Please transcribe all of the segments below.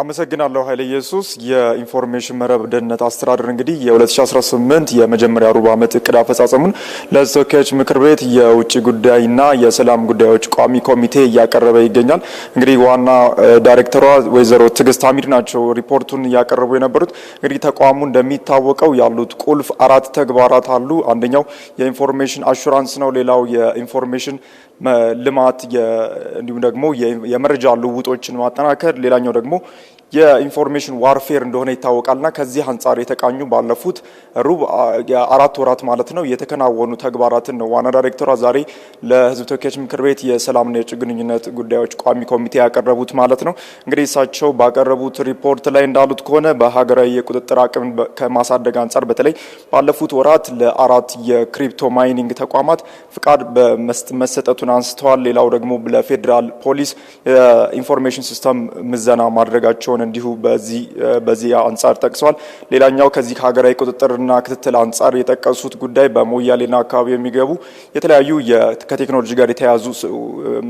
አመሰግናለሁ ኃይለ ኢየሱስ። የኢንፎርሜሽን መረብ ደህንነት አስተዳደር እንግዲህ የ2018 የመጀመሪያ ሩብ ዓመት እቅድ አፈጻጸሙን ለሕዝብ ምክር ቤት የውጭ ጉዳይና የሰላም ጉዳዮች ቋሚ ኮሚቴ እያቀረበ ይገኛል። እንግዲህ ዋና ዳይሬክተሯ ወይዘሮ ትግስት አሚድ ናቸው ሪፖርቱን እያቀረቡ የነበሩት። እንግዲህ ተቋሙ እንደሚታወቀው ያሉት ቁልፍ አራት ተግባራት አሉ። አንደኛው የኢንፎርሜሽን አሹራንስ ነው። ሌላው የኢንፎርሜሽን ልማት እንዲሁም ደግሞ የመረጃ ልውውጦችን ማጠናከር፣ ሌላኛው ደግሞ የኢንፎርሜሽን ዋርፌር እንደሆነ ይታወቃልና ከዚህ አንጻር የተቃኙ ባለፉት ሩብ አራት ወራት ማለት ነው የተከናወኑ ተግባራትን ነው ዋና ዳይሬክተሯ ዛሬ ለሕዝብ ተወካዮች ምክር ቤት የሰላምና የውጭ ግንኙነት ጉዳዮች ቋሚ ኮሚቴ ያቀረቡት ማለት ነው። እንግዲህ እሳቸው ባቀረቡት ሪፖርት ላይ እንዳሉት ከሆነ በሀገራዊ የቁጥጥር አቅም ከማሳደግ አንጻር በተለይ ባለፉት ወራት ለአራት የክሪፕቶ ማይኒንግ ተቋማት ፍቃድ መሰጠቱን አንስተዋል። ሌላው ደግሞ ለፌዴራል ፖሊስ የኢንፎርሜሽን ሲስተም ምዘና ማድረጋቸውን እንደሆነ እንዲሁ በዚህ አንጻር ጠቅሰዋል። ሌላኛው ከዚህ ከሀገራዊ ቁጥጥርና ክትትል አንጻር የጠቀሱት ጉዳይ በሞያሌና አካባቢ የሚገቡ የተለያዩ ከቴክኖሎጂ ጋር የተያያዙ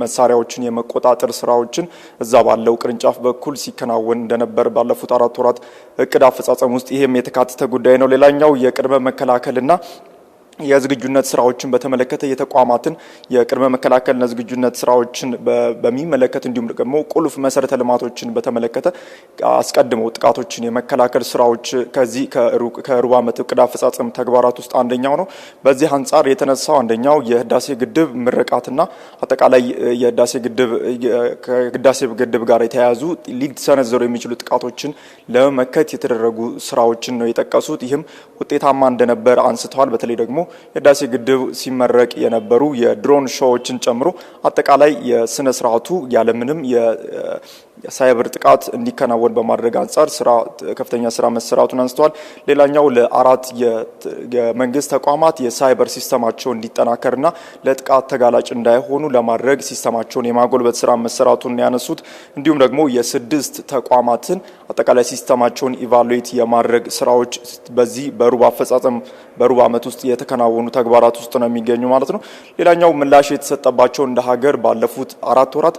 መሳሪያዎችን የመቆጣጠር ስራዎችን እዛ ባለው ቅርንጫፍ በኩል ሲከናወን እንደነበር ባለፉት አራት ወራት እቅድ አፈጻጸም ውስጥ ይሄም የተካተተ ጉዳይ ነው። ሌላኛው የቅድመ መከላከልና የዝግጁነት ስራዎችን በተመለከተ የተቋማትን የቅድመ መከላከልና ዝግጁነት ስራዎችን በሚመለከት እንዲሁም ደግሞ ቁልፍ መሰረተ ልማቶችን በተመለከተ አስቀድመው ጥቃቶችን የመከላከል ስራዎች ከዚህ ከሩብ ዓመት እቅድ አፈጻጸም ተግባራት ውስጥ አንደኛው ነው። በዚህ አንጻር የተነሳው አንደኛው የህዳሴ ግድብ ምርቃትና አጠቃላይ የህዳሴ ግድብ ከህዳሴ ግድብ ጋር የተያያዙ ሊሰነዘሩ የሚችሉ ጥቃቶችን ለመመከት የተደረጉ ስራዎችን ነው የጠቀሱት። ይህም ውጤታማ እንደነበር አንስተዋል። በተለይ ደግሞ የህዳሴ ግድብ ሲመረቅ የነበሩ የድሮን ሾዎችን ጨምሮ አጠቃላይ የስነ ስርዓቱ ያለምንም የሳይበር ጥቃት እንዲከናወን በማድረግ አንጻር ስራ ከፍተኛ ስራ መሰራቱን አንስተዋል። ሌላኛው ለአራት የመንግስት ተቋማት የሳይበር ሲስተማቸው እንዲጠናከርና ለጥቃት ተጋላጭ እንዳይሆኑ ለማድረግ ሲስተማቸውን የማጎልበት ስራ መሰራቱን ያነሱት እንዲሁም ደግሞ የስድስት ተቋማትን አጠቃላይ ሲስተማቸውን ኢቫሉዌት የማድረግ ስራዎች በዚህ በሩብ አፈጻጸም በሩብ ዓመት ውስጥ የተከናወኑ ተግባራት ውስጥ ነው የሚገኙ ማለት ነው። ሌላኛው ምላሽ የተሰጠባቸው እንደ ሀገር ባለፉት አራት ወራት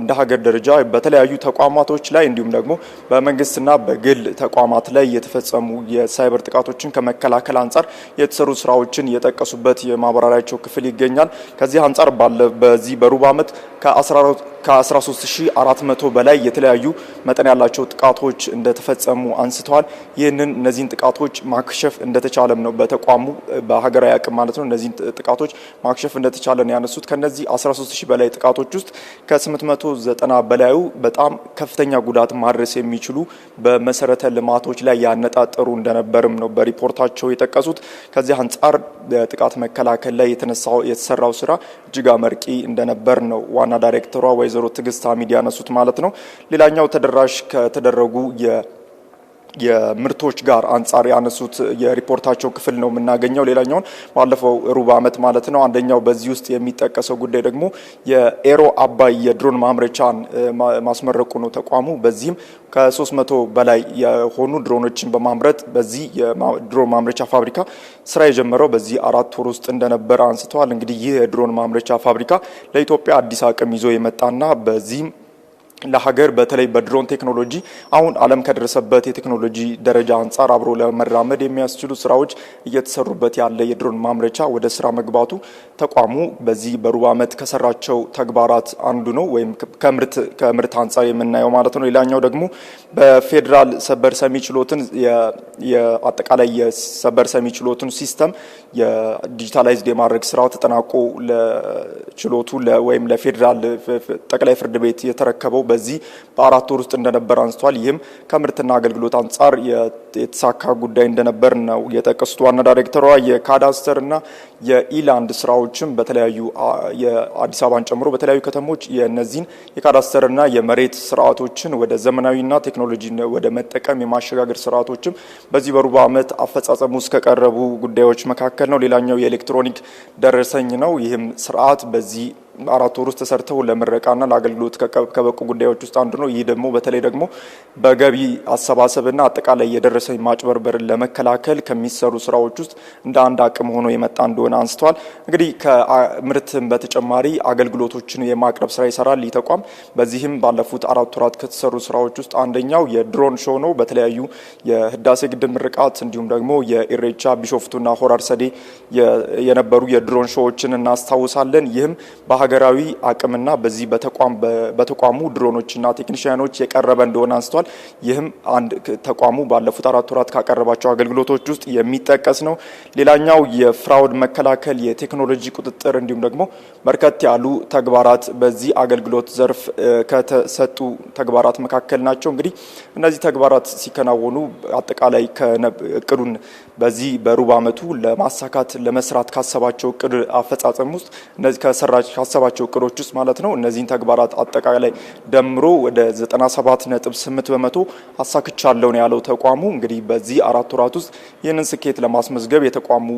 እንደ ሀገር ደረጃ በተለያዩ ተቋማቶች ላይ እንዲሁም ደግሞ በመንግስትና በግል ተቋማት ላይ የተፈጸሙ የሳይበር ጥቃቶችን ከመከላከል አንጻር የተሰሩ ስራዎችን የጠቀሱበት የማብራሪያቸው ክፍል ይገኛል። ከዚህ አንጻር በዚህ በሩብ ዓመት ከ ከ13400 በላይ የተለያዩ መጠን ያላቸው ጥቃቶች እንደተፈጸሙ አንስተዋል። ይህንን እነዚህን ጥቃቶች ማክሸፍ እንደተቻለም ነው በተቋሙ በሀገራዊ አቅም ማለት ነው እነዚህን ጥቃቶች ማክሸፍ እንደተቻለ ነው ያነሱት። ከነዚህ 13000 በላይ ጥቃቶች ውስጥ ከ890 በላዩ በጣም ከፍተኛ ጉዳት ማድረስ የሚችሉ በመሰረተ ልማቶች ላይ ያነጣጠሩ እንደነበርም ነው በሪፖርታቸው የጠቀሱት። ከዚህ አንጻር ጥቃት መከላከል ላይ የተሰራው ስራ እጅግ አመርቂ እንደነበር ነው ዋና ዳይሬክተሯ ወይዘሮ ትዕግስት ሀሚድ ያነሱት ማለት ነው። ሌላኛው ተደራሽ ከተደረጉ የምርቶች ጋር አንጻር ያነሱት የሪፖርታቸው ክፍል ነው የምናገኘው። ሌላኛውን ባለፈው ሩብ ዓመት ማለት ነው። አንደኛው በዚህ ውስጥ የሚጠቀሰው ጉዳይ ደግሞ የኤሮ አባይ የድሮን ማምረቻን ማስመረቁ ነው ተቋሙ። በዚህም ከ300 በላይ የሆኑ ድሮኖችን በማምረት በዚህ የድሮን ማምረቻ ፋብሪካ ስራ የጀመረው በዚህ አራት ወር ውስጥ እንደነበረ አንስተዋል። እንግዲህ ይህ የድሮን ማምረቻ ፋብሪካ ለኢትዮጵያ አዲስ አቅም ይዞ የመጣና በዚህም ለሀገር በተለይ በድሮን ቴክኖሎጂ አሁን ዓለም ከደረሰበት የቴክኖሎጂ ደረጃ አንጻር አብሮ ለመራመድ የሚያስችሉ ስራዎች እየተሰሩበት ያለ የድሮን ማምረቻ ወደ ስራ መግባቱ ተቋሙ በዚህ በሩብ ዓመት ከሰራቸው ተግባራት አንዱ ነው ወይም ከምርት አንጻር የምናየው ማለት ነው። ሌላኛው ደግሞ በፌዴራል ሰበር ሰሚ ችሎትን አጠቃላይ የሰበር ሰሚ ችሎትን ሲስተም የዲጂታላይዝድ የማድረግ ስራ ተጠናቆ ለችሎቱ ወይም ለፌዴራል ጠቅላይ ፍርድ ቤት የተረከበው በዚህ በአራት ወር ውስጥ እንደነበር አንስቷል። ይህም ከምርትና አገልግሎት አንጻር የተሳካ ጉዳይ እንደነበር ነው የጠቀሱት ዋና ዳይሬክተሯ። የካዳስተርና የኢላንድ ስራዎችም በተለያዩ የአዲስ አበባን ጨምሮ በተለያዩ ከተሞች የነዚህን የካዳስተርና የመሬት ስርዓቶችን ወደ ዘመናዊና ቴክኖሎጂ ወደ መጠቀም የማሸጋገር ስርዓቶችም በዚህ በሩብ ዓመት አፈጻጸሙ ውስጥ ከቀረቡ ጉዳዮች መካከል ነው። ሌላኛው የኤሌክትሮኒክ ደረሰኝ ነው። ይህም ስርዓት በዚህ አራት ወር ውስጥ ተሰርተው ለምረቃና ለአገልግሎት ከበቁ ጉዳዮች ውስጥ አንዱ ነው። ይህ ደግሞ በተለይ ደግሞ በገቢ አሰባሰብና አጠቃላይ የደረሰኝ ማጭበርበርን ለመከላከል ከሚሰሩ ስራዎች ውስጥ እንደ አንድ አቅም ሆኖ የመጣ እንደሆነ አንስተዋል። እንግዲህ ከምርትም በተጨማሪ አገልግሎቶችን የማቅረብ ስራ ይሰራል ይህ ተቋም። በዚህም ባለፉት አራት ወራት ከተሰሩ ስራዎች ውስጥ አንደኛው የድሮን ሾው ነው። በተለያዩ የህዳሴ ግድብ ምርቃት እንዲሁም ደግሞ የኢሬቻ ቢሾፍቱና ሆራር ሰዴ የነበሩ የድሮን ሾዎችን እናስታውሳለን። ይህም ሀገራዊ አቅምና በዚህ በተቋሙ ድሮኖችና ቴክኒሽያኖች የቀረበ እንደሆነ አንስተል ይህም አንድ ተቋሙ ባለፉት አራት ወራት ካቀረባቸው አገልግሎቶች ውስጥ የሚጠቀስ ነው። ሌላኛው የፍራውድ መከላከል፣ የቴክኖሎጂ ቁጥጥር እንዲሁም ደግሞ በርከት ያሉ ተግባራት በዚህ አገልግሎት ዘርፍ ከተሰጡ ተግባራት መካከል ናቸው። እንግዲህ እነዚህ ተግባራት ሲከናወኑ አጠቃላይ እቅዱን በዚህ በሩብ ዓመቱ ለማሳካት ለመስራት ካሰባቸው እቅድ አፈጻጸም ውስጥ እነዚህ ካሰባቸው እቅዶች ውስጥ ማለት ነው እነዚህን ተግባራት አጠቃላይ ደምሮ ወደ 97.8 በመቶ አሳክቻለሁ ነው ያለው ተቋሙ። እንግዲህ በዚህ አራት ወራት ውስጥ ይህንን ስኬት ለማስመዝገብ የተቋሙ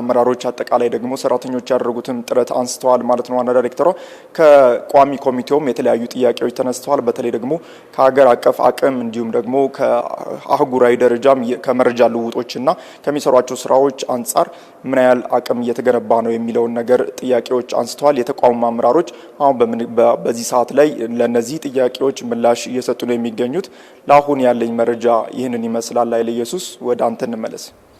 አመራሮች አጠቃላይ ደግሞ ሰራተኞች ያደረጉትን ጥረት አንስተዋል ማለት ነው። ዋና ዳይሬክተሯ ከቋሚ ኮሚቴውም የተለያዩ ጥያቄዎች ተነስተዋል። በተለይ ደግሞ ከሀገር አቀፍ አቅም እንዲሁም ደግሞ ከአህጉራዊ ደረጃም ከመረጃ ልውጦችና ከሚሰሯቸው ስራዎች አንጻር ምን ያህል አቅም እየተገነባ ነው የሚለውን ነገር ጥያቄዎች አንስተዋል። የተቋሙ አመራሮች አሁን በዚህ ሰዓት ላይ ለእነዚህ ጥያቄዎች ምላሽ እየሰጡ ነው የሚገኙት። ለአሁን ያለኝ መረጃ ይህንን ይመስላል። ኃይለ ኢየሱስ ወደ አንተ እንመለስ።